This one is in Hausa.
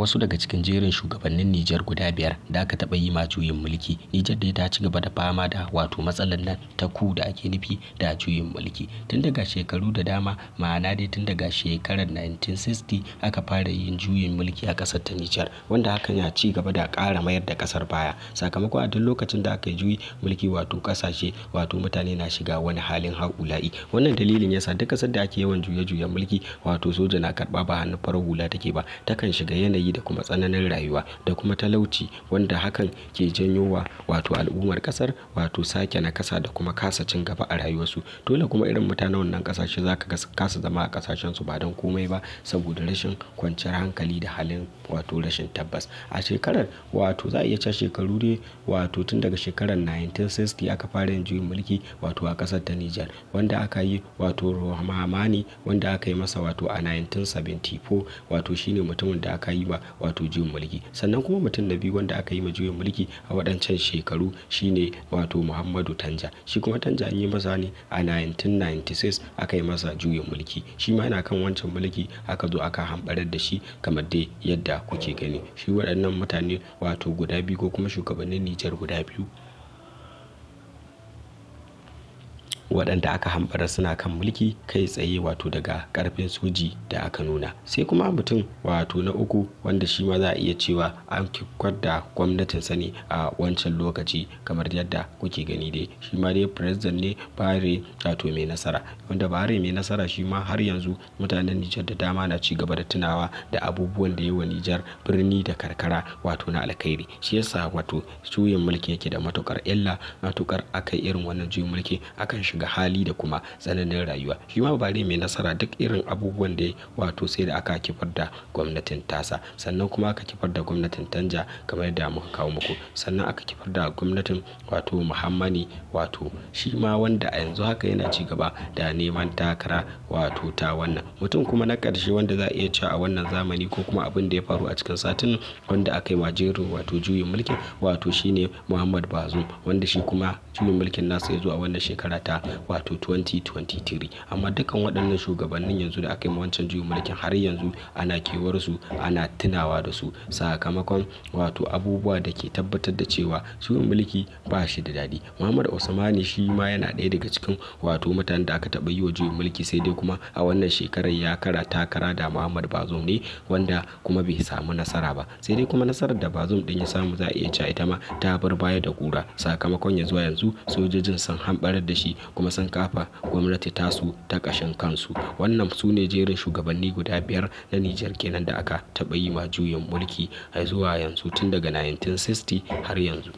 wasu daga cikin jerin shugabannin Nijar guda biyar da aka taɓa yi ma juyin mulki. Nijar dai ta ci gaba da fama da wato matsalar nan ta ku da ake nufi da juyin mulki. Tun daga shekaru da dama ma'ana dai tun daga shekarar 1960 aka fara yin juyin mulki a ƙasar ta Nijar wanda hakan ya ci gaba da ƙara mayar da ƙasar baya. Sakamakon a duk lokacin da aka yi juyi mulki wato ƙasashe wato mutane na shiga wani halin haƙula'i. Wannan dalilin yasa duk ƙasar da ake yawan juye-juyen mulki wato soja na karɓa ba hannun farar hula take ba takan shiga yanayi da kuma tsananin rayuwa da kuma talauci wanda hakan ke janyo wa wato al'ummar kasar wato sake na kasa da kuma kasa cin gaba a rayuwarsu dole kuma irin mutanen wannan kasashe za ka kasa zama a kasashen su ba don komai ba saboda rashin kwanciyar hankali da halin wato rashin tabbas a shekarar wato za a iya cewa shekaru ne wato tun daga shekarar 1960 aka fara yin juyin mulki wato a kasar ta Nijar wanda aka yi wato Rahmani wanda aka yi masa wato a 1974 wato shine mutumin da aka yi wa wato juyin mulki sannan kuma mutum na biyu wanda aka yi ma juyin mulki a waɗancan shekaru shine wato muhammadu tanja shi kuma tanja an yi masa ne a 1996 aka yi masa juyin mulki shi ma yana kan wancan mulki aka zo aka hambarar da shi kamar dai yadda kuke gani shi waɗannan mutane wato guda biyu ko kuma shugabannin nijar guda biyu waɗanda aka hambara suna kan mulki kai tsaye wato daga ƙarfin soji da aka nuna sai kuma mutum wato na uku wanda shi ma za a iya cewa an kikwar da gwamnatin sani a wancan lokaci kamar yadda kuke gani dai shi ma dai president ne bare wato mai nasara wanda bare mai nasara shi ma har yanzu mutanen nijar da dama na ci gaba da tunawa da abubuwan da yawa nijar birni da karkara wato na alkhairi shi yasa wato juyin mulki yake da matukar illa matukar aka irin wannan juyin mulki akan shiga ga hali da kuma tsananin rayuwa shi ma bare mai nasara duk irin abubuwan da wato sai da aka kifar da gwamnatin tasa sannan kuma aka kifar da gwamnatin tanja kamar da muka kawo muku sannan aka kifar da gwamnatin wato muhammani wato shi ma wanda a yanzu haka yana ci gaba da neman takara wato ta wannan mutum kuma na karshe wanda za a iya cewa a wannan zamani ko kuma abin da ya faru a cikin satin wanda aka yi wa jerin wato juyin mulkin wato shine muhammad bazum wanda shi kuma juyin mulkin nasa ya zo a wannan shekara ta wato 2023 amma dukkan waɗannan shugabannin yanzu da aka yi wancan juyin mulkin har yanzu ana kewar su ana tunawa da su sakamakon wato abubuwa da ke tabbatar da cewa juyin mulki ba shi da daɗi muhammad usmani shi ma yana ɗaya daga cikin wato mutanen da aka taɓa yi wa juyin mulki sai dai kuma a wannan shekarar ya kara takara da muhammad bazum ne wanda kuma bai samu nasara ba sai dai kuma nasarar da bazum ɗin ya samu za a iya cewa ita ma ta bar baya da kura sakamakon ya zuwa yanzu sojojin sun hambarar da shi kuma sun kafa gwamnati tasu ta ƙashin kansu wannan su ne jerin shugabanni guda biyar na Nijar kenan da aka taɓa yi ma juyin mulki a zuwa yanzu tun daga 1960 har yanzu.